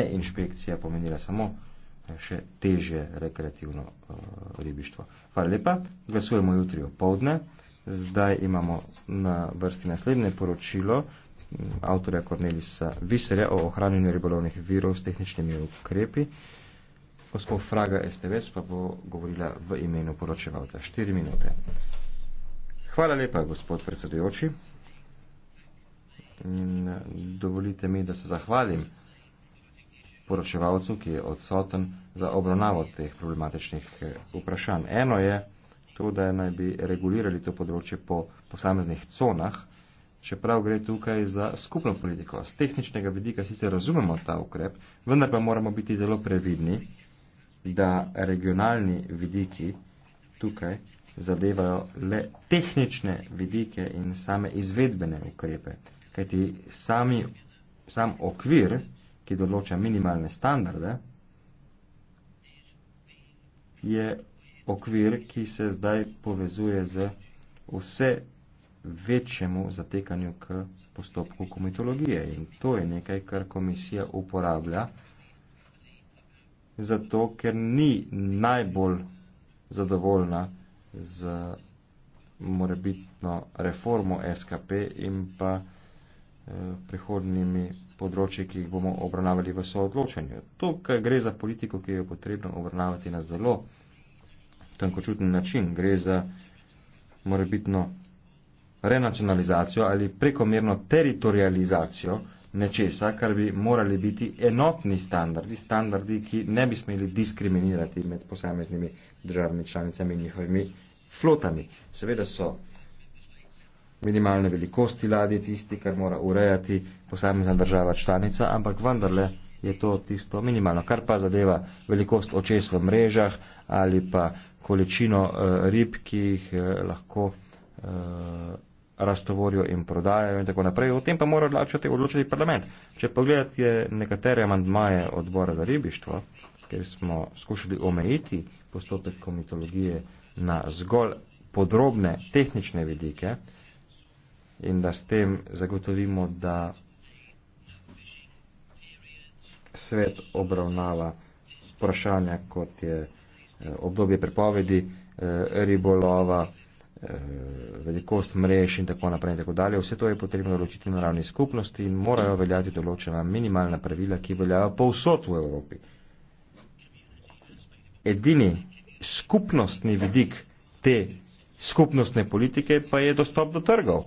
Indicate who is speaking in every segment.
Speaker 1: inšpekcija pomenila samo eh, še težje rekreativno uh, ribištvo. Hvala lepa. Glasujemo jutri o povdne. Zdaj imamo na vrsti naslednje poročilo mm, avtorja Kornelisa Viserja o ohranjenju ribolovnih virov s tehničnimi ukrepi. Gospod Fraga STVS pa bo govorila v imenu poročevalca. 4 minute. Hvala lepa, gospod predsedujoči. In eh, dovolite mi, da se zahvalim poročevalcu, ki je odsoten za obravnavo teh problematičnih eh, vprašanj. Eno je to, da naj bi regulirali to področje po posameznih conah, čeprav gre tukaj za skupno politiko. Z tehničnega vidika sicer razumemo ta ukrep, vendar pa moramo biti zelo previdni, da regionalni vidiki tukaj zadevajo le tehnične vidike in same izvedbene ukrepe. Kajti sami, sam okvir, ki določa minimalne standarde, je okvir, ki se zdaj povezuje z vse večjemu zatekanju k postopku komitologije. In to je nekaj, kar komisija uporablja, zato ker ni najbolj zadovoljna z morebitno reformo SKP in pa eh, prihodnimi področje, ki jih bomo obravnavali v soodločanju. Tukaj gre za politiko, ki jo potrebno obravnavati na zelo tankočuten način. Gre za morebitno renacionalizacijo ali prekomerno teritorializacijo nečesa, kar bi morali biti enotni standardi, standardi, ki ne bi smeli diskriminirati med posameznimi državami članicami in njihovimi flotami. Seveda so minimalne velikosti ladje, tisti, kar mora urejati posamezna država članica, ampak vendarle je to tisto minimalno. Kar pa zadeva velikost očes v mrežah ali pa količino eh, rib, ki jih eh, lahko eh, rastovorijo in prodajajo in tako naprej. O tem pa mora odločiti, odločiti parlament. Če pogledate nekatere amandmaje odbora za ribištvo, ker smo skušali omejiti postopek komitologije na zgolj podrobne tehnične vidike, in da s tem zagotovimo, da svet obravnava vprašanja, kot je eh, obdobje prepovedi, eh, ribolova, eh, velikost mrež in tako naprej in tako dalje. Vse to je potrebno ločiti na ravni skupnosti in morajo veljati določena minimalna pravila, ki veljajo povsod v Evropi. Edini skupnostni vidik te skupnostne politike pa je dostop do trgov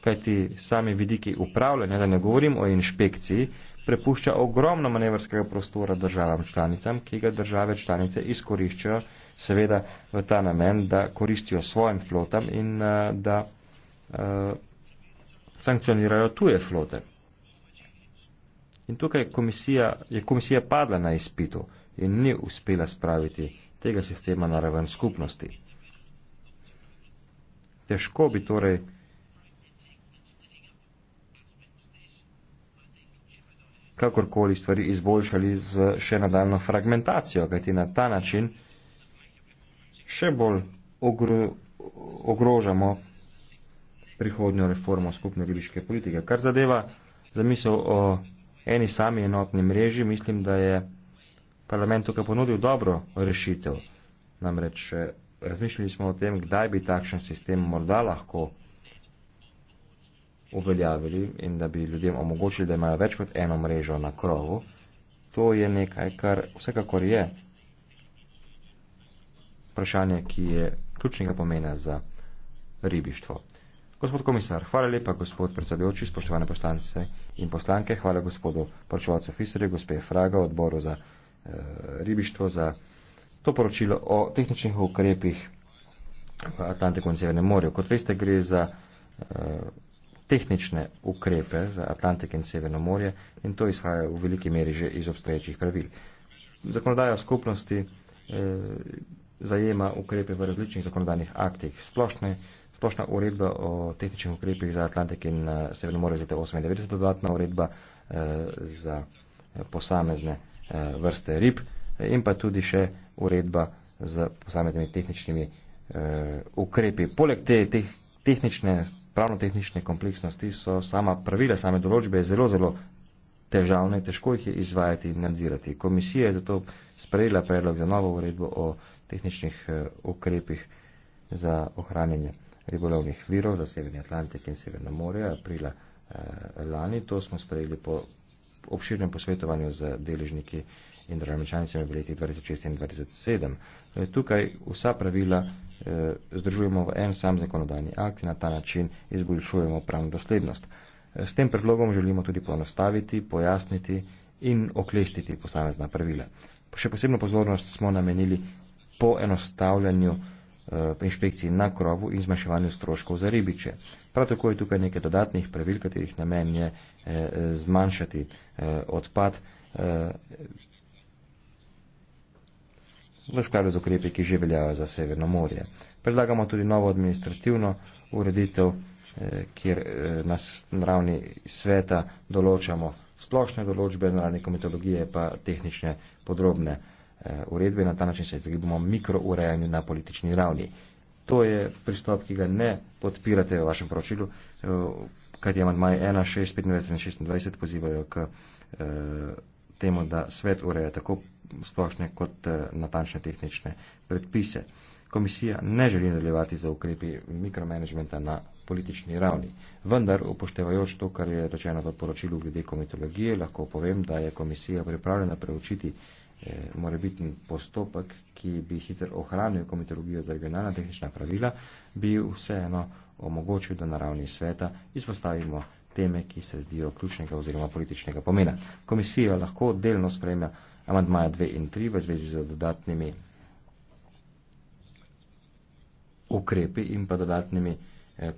Speaker 1: kajti sami vidiki upravljanja, da ne govorim o inšpekciji, prepušča ogromno manevrskega prostora državam članicam, ki ga države članice izkoriščajo seveda v ta namen, da koristijo svojim flotam in eh, da uh, sankcionirajo tuje flote. In tukaj komisija, je komisija padla na izpitu in ni uspela spraviti tega sistema na raven skupnosti. Težko bi torej kakorkoli stvari izboljšali z še nadaljno fragmentacijo, kajti na ta način še bolj ogro, ogrožamo prihodnjo reformo skupne ribiške politike. Kar zadeva zamisel o eni sami enotni mreži, mislim, da je parlamentu ga ponudil dobro rešitev. Namreč eh, razmišljali smo o tem, kdaj bi takšen sistem morda lahko uveljavili in da bi ljudem omogočili, da imajo več kot eno mrežo na krovu, to je nekaj, kar vsekakor je vprašanje, ki je ključnega pomena za ribištvo. Gospod komisar, hvala lepa, gospod predsedujoči, spoštovane poslance in poslanke, hvala gospodu poročevalcu Fiserju, gospe Fraga, odboru za e, ribištvo, za to poročilo o tehničnih ukrepih v Atlantiku in Severnem morju. Kot veste, gre za e, tehnične ukrepe za Atlantik in Severno morje in to izhaja v veliki meri že iz obstoječih pravil. Zakonodaja skupnosti eh, zajema ukrepe v različnih zakonodajnih aktih. Splošne, splošna uredba o tehničnih ukrepih za Atlantik in eh, Severno morje z leta 98, dodatna uredba eh, za posamezne eh, vrste rib in pa tudi še uredba z posameznimi tehničnimi eh, ukrepi. Poleg te, te tehnične pravno-tehnične kompleksnosti so sama pravila, same določbe zelo, zelo težavne, težko jih je izvajati in nadzirati. Komisija je zato sprejela predlog za novo uredbo o tehničnih eh, ukrepih za ohranjanje ribolovnih virov za Severni Atlantik in Severno morje aprila eh, lani. To smo sprejeli po obširnem posvetovanju z deležniki in državničanicami v letih 2006 in 2007. Eh, tukaj vsa pravila Eh, združujemo v en sam zakonodajni akt in na ta način izboljšujemo pravno doslednost. Eh, s tem predlogom želimo tudi ponostaviti, pojasniti in oklestiti posamezna pravila. Še posebno pozornost smo namenili po enostavljanju eh, inšpekcij na krovu in zmanjševanju stroškov za ribiče. Prav tako je tukaj nekaj dodatnih pravil, katerih namen je zmanjšati odpad v skladu z ukrepi, ki že veljajo za Severno morje. Predlagamo tudi novo administrativno ureditev, eh, kjer eh, nas na ravni sveta določamo splošne določbe, na ravni komitologije pa tehnične podrobne eh, uredbe. Na ta način se izogibamo mikrourejanju na politični ravni. To je pristop, ki ga ne podpirate v vašem poročilu, kajti amantmaj 1, 6, 25 in 26 pozivajo k temu, da svet ureja tako splošne kot eh, natančne tehnične predpise. Komisija ne želi nadaljevati za ukrepi mikromanagementa na politični ravni. Vendar, upoštevajoč to, kar je rečeno v poročilu glede komitologije, lahko povem, da je komisija pripravljena preučiti eh, morebitni postopek, ki bi sicer ohranil komitologijo za regionalna tehnična pravila, bi vseeno omogočil, da na ravni sveta izpostavimo teme, ki se zdijo ključnega oziroma političnega pomena. Komisija lahko delno spremlja amantmaja 2 in 3 v zvezi z dodatnimi ukrepi in pa dodatnimi eh,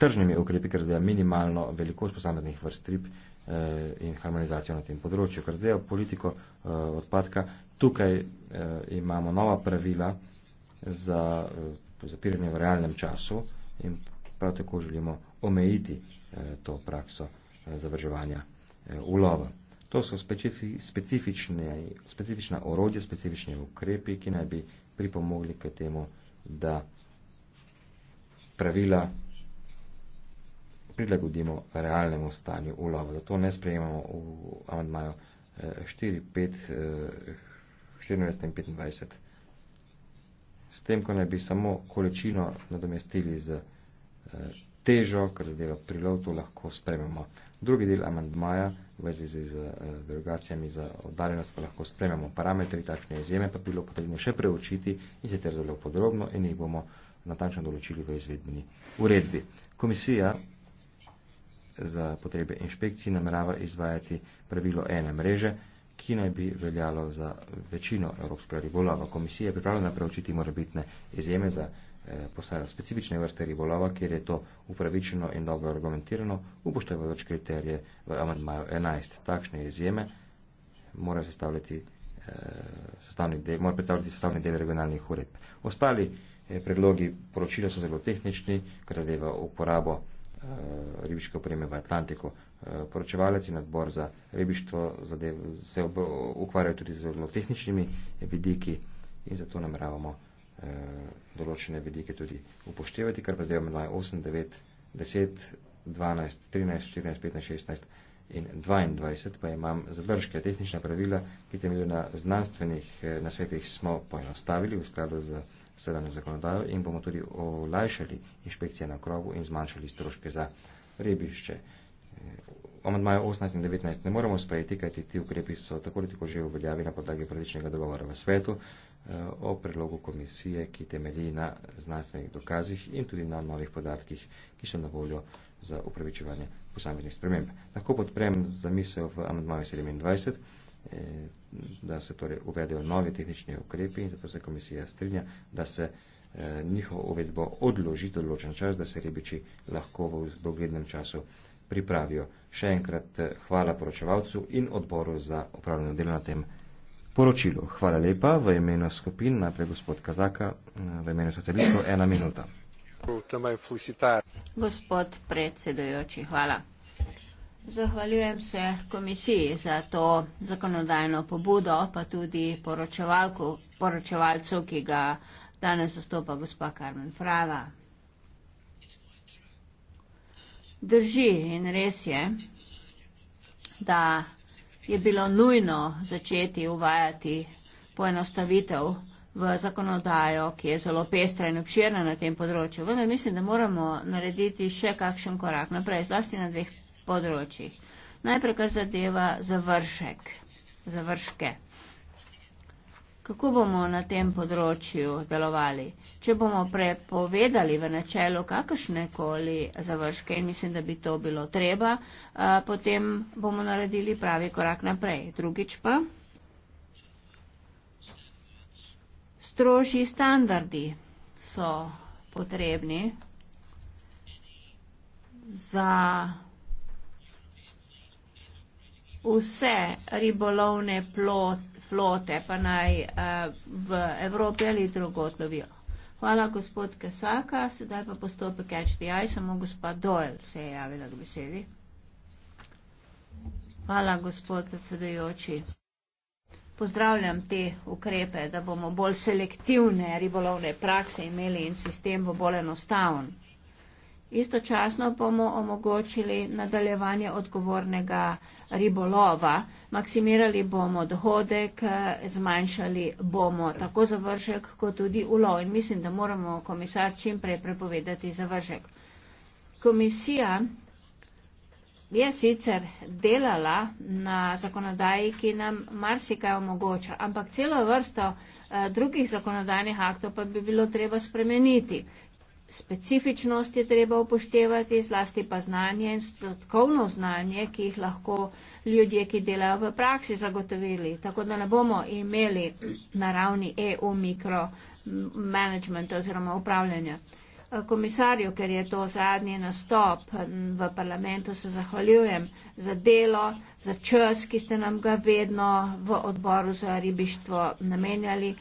Speaker 1: tržnimi ukrepi, ker zdaj minimalno velikost posameznih vrst rib eh, in harmonizacijo na tem področju, ker zdaj politiko eh, odpadka. Tukaj eh, imamo nova pravila za eh, zapiranje v realnem času in prav tako želimo omejiti eh, to prakso eh, zavrževanja eh, ulova. To so specifična orodja, specifični ukrepi, ki naj bi pripomogli k temu, da pravila prilagodimo realnemu stanju ulova. Zato ne sprejemamo v amandmaju 4, 5, 14 in 25. S tem, ko naj bi samo količino nadomestili z eh, težo, kar zadeva prilov, to lahko sprememo. Drugi del amandmaja v zvezi z eh, derogacijami za oddaljenost pa lahko sprememo parametri, takšne izjeme pa bilo potrebno še preučiti in sicer zelo podrobno in jih bomo natančno določili v izvedbeni uredbi. Komisija za potrebe inšpekcij namerava izvajati pravilo ene mreže, ki naj bi veljalo za večino evropskega ribolova. Komisija je pripravljena preučiti morebitne izjeme za. Eh, postavljajo specifične vrste ribolova, kjer je to upravičeno in dobro argumentirano, upoštevajoč kriterije v amandmaju 11. Takšne izjeme morajo sestavljati, eh, sestavni del, morajo predstavljati sestavni del regionalnih uredb. Ostali eh, predlogi poročila so zelo tehnični, kar zadeva uporabo ribiške opreme v Atlantiku. Poročevalec in odbor za ribištvo zadev, se ukvarjajo tudi z zelo tehničnimi vidiki in zato nameravamo Eh, določene vedike tudi upoštevati, kar pa zdaj omenjajo 8, 9, 10, 12, 13, 14, 15, 16 in 22, pa imam završke tehnične pravila, ki temeljijo na znanstvenih eh, nasvetih, smo poenostavili v skladu z sedanjo zakonodajo in bomo tudi olajšali inšpekcije na krovu in zmanjšali stroške za ribišče. Omandmaja eh, 18 in 19 ne moremo sprejeti, kajti ti ukrepi so tako tako že uveljavi na podlagi političnega dogovora v svetu o predlogu komisije, ki temelji na znanstvenih dokazih in tudi na novih podatkih, ki so na voljo za upravičevanje posameznih sprememb. Lahko podprem zamisel v amendmaju 27, eh, da se torej uvedejo nove tehnične ukrepi in zato se komisija strinja, da se eh, njihovo uvedbo odloži določen čas, da se ribiči lahko v doglednem času pripravijo. Še enkrat eh, hvala poročevalcu in odboru za upravljeno delo na tem poročilu. Hvala lepa v imenu skupin, najprej gospod Kazaka, v imenu satelitov, ena minuta.
Speaker 2: Gospod predsedujoči, hvala. Zahvaljujem se komisiji za to zakonodajno pobudo, pa tudi poročevalcu, ki ga danes zastopa gospa Karmen Frava. Drži in res je, da je bilo nujno začeti uvajati poenostavitev v zakonodajo, ki je zelo pestra in obširna na tem področju. Vendar mislim, da moramo narediti še kakšen korak naprej, zlasti na dveh področjih. Najprej, kar zadeva završek, završke kako bomo na tem področju delovali. Če bomo prepovedali v načelu kakršne koli završke in mislim, da bi to bilo treba, potem bomo naredili pravi korak naprej. Drugič pa. Strožji standardi so potrebni za vse ribolovne plot, flote, pa naj uh, v Evropi ali drugot lovijo. Hvala gospod Kesaka, sedaj pa postopek HDI, samo gospa Doyle se je javila k besedi. Hvala gospod predsedujoči. Pozdravljam te ukrepe, da bomo bolj selektivne ribolovne prakse imeli in sistem bo bolj enostaven. Istočasno bomo omogočili nadaljevanje odgovornega ribolova, maksimirali bomo dohodek, zmanjšali bomo tako završek kot tudi ulov in mislim, da moramo komisar čimprej prepovedati završek. Komisija je sicer delala na zakonodaji, ki nam marsikaj omogoča, ampak celo vrsto eh, drugih zakonodajnih aktov pa bi bilo treba spremeniti specifičnosti treba upoštevati, zlasti pa znanje in strokovno znanje, ki jih lahko ljudje, ki delajo v praksi, zagotovili. Tako da ne bomo imeli na ravni EU mikromanagement oziroma upravljanja. Komisarju, ker je to zadnji nastop v parlamentu, se zahvaljujem za delo, za čas, ki ste nam ga vedno v odboru za ribištvo namenjali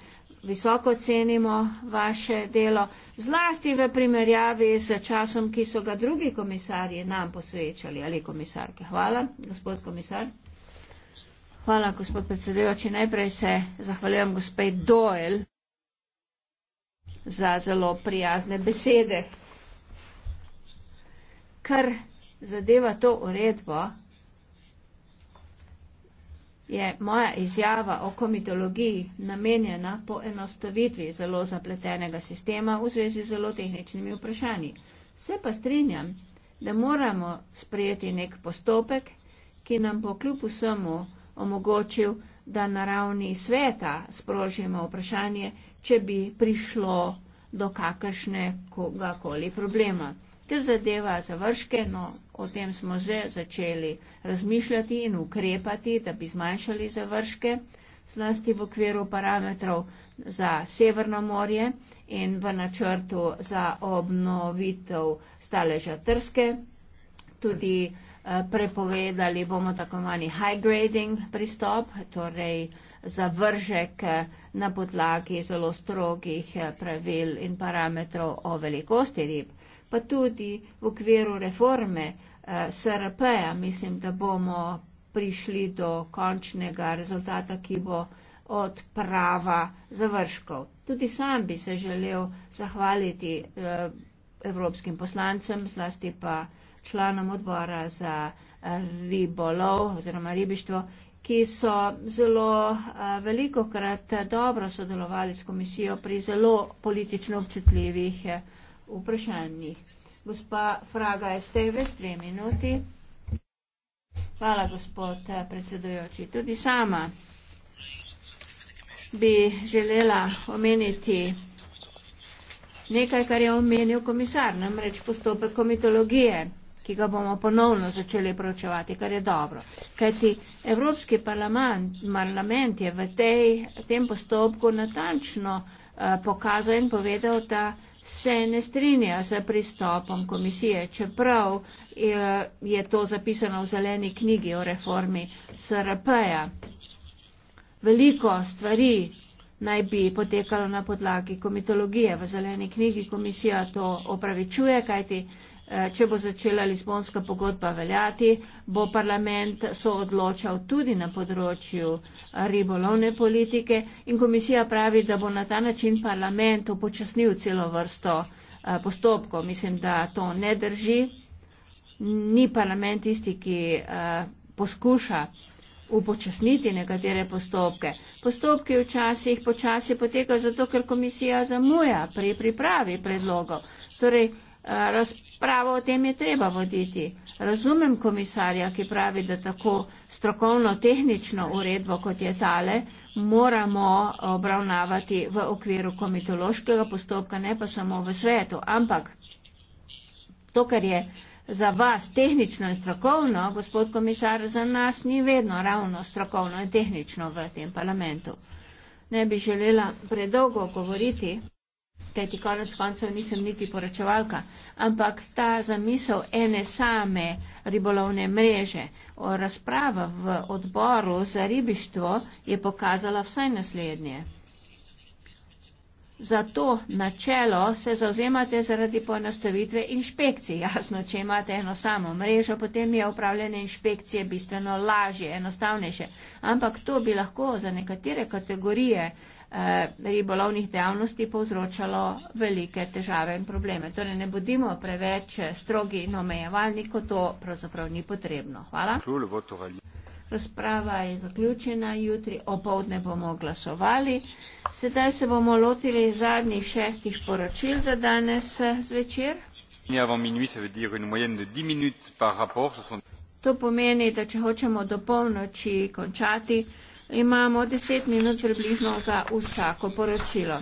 Speaker 2: visoko cenimo vaše delo, zlasti v primerjavi s časom, ki so ga drugi komisarji nam posvečali ali komisarke. Hvala, gospod komisar. Hvala, gospod predsedujoči. Najprej se zahvaljujem gospej Doel za zelo prijazne besede. Kar zadeva to uredbo, je moja izjava o komitologiji namenjena poenostavitvi zelo zapletenega sistema v zvezi z zelo tehničnimi vprašanji. Se pa strinjam, da moramo sprejeti nek postopek, ki nam bo kljub vsemu omogočil, da na ravni sveta sprožimo vprašanje, če bi prišlo do kakršne kogakoli problema. Ker zadeva završke, no o tem smo že začeli razmišljati in ukrepati, da bi zmanjšali završke, zlasti v okviru parametrov za Severno morje in v načrtu za obnovitev staleža Trske. Tudi eh, prepovedali bomo tako manj high grading pristop, torej zavržek eh, na podlagi zelo strogih eh, pravil in parametrov o velikosti rib pa tudi v okviru reforme eh, SRP-ja mislim, da bomo prišli do končnega rezultata, ki bo odprava završkov. Tudi sam bi se želel zahvaliti eh, evropskim poslancem, zlasti pa članom odbora za eh, ribolov oziroma ribištvo, ki so zelo eh, velikokrat dobro sodelovali s komisijo pri zelo politično občutljivih eh, vprašanjih. Gospa Fraga, ste ves dve minuti. Hvala, gospod eh, predsedujoči. Tudi sama bi želela omeniti nekaj, kar je omenil komisar, namreč postopek komitologije, ki ga bomo ponovno začeli proučevati, kar je dobro. Kajti Evropski parlament, parlament je v tej, tem postopku natančno uh, pokazal in povedal, da se ne strinja z pristopom komisije, čeprav eh, je to zapisano v zeleni knjigi o reformi SRP-ja. Veliko stvari naj bi potekalo na podlagi komitologije. V zeleni knjigi komisija to opravičuje, kajti Eh, če bo začela Lisbonska pogodba veljati, bo parlament so odločal tudi na področju ribolovne politike in komisija pravi, da bo na ta način parlament upočasnil celo vrsto eh, postopkov. Mislim, da to ne drži. Ni parlament tisti, ki eh, poskuša upočasniti nekatere postopke. Postopki včasih počasi potekajo zato, ker komisija zamuja pri pripravi predlogov. Torej, razpravo o tem je treba voditi. Razumem komisarja, ki pravi, da tako strokovno-tehnično uredbo, kot je tale, moramo obravnavati v okviru komitološkega postopka, ne pa samo v svetu. Ampak to, kar je za vas tehnično in strokovno, gospod komisar, za nas ni vedno ravno strokovno in tehnično v tem parlamentu. Ne bi želela predolgo govoriti kajti konec koncev nisem niti poročevalka, ampak ta zamisel ene same ribolovne mreže. Razprava v odboru za ribištvo je pokazala vsaj naslednje. Za to načelo se zauzemate zaradi poenostavitve inšpekcij. Jasno, če imate eno samo mrežo, potem je upravljanje inšpekcije bistveno lažje, enostavnejše. Ampak to bi lahko za nekatere kategorije Eh, ribolovnih dejavnosti povzročalo velike težave in probleme. Torej ne bodimo preveč strogi in omejevalni, ko to pravzaprav ni potrebno. Hvala. Razprava je zaključena, jutri opovdne bomo glasovali. Sedaj se bomo lotili zadnjih šestih poročil za danes eh, zvečer. To pomeni, da če hočemo do polnoči končati, Imamo deset minut približno za vsako poročilo.